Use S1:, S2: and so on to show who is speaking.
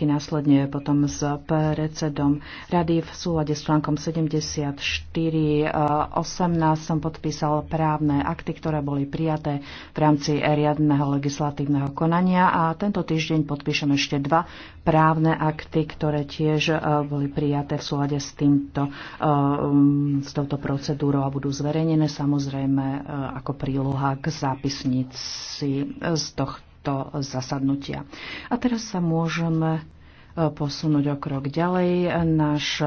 S1: otázky následne potom s predsedom rady v súlade s článkom 74 18 eh, som podpísal právne akty, ktoré boli prijaté v rámci riadneho legislatívneho konania a tento týždeň podpíšem ešte dva právne akty, ktoré tiež eh, boli prijaté v súlade s, týmto, eh, mm, s touto procedúrou a budú zverejnené samozrejme ako príloha k zápisnici z tohto tohto zasadnutia. A teraz sa môžeme eh, posunúť o krok ďalej. Náš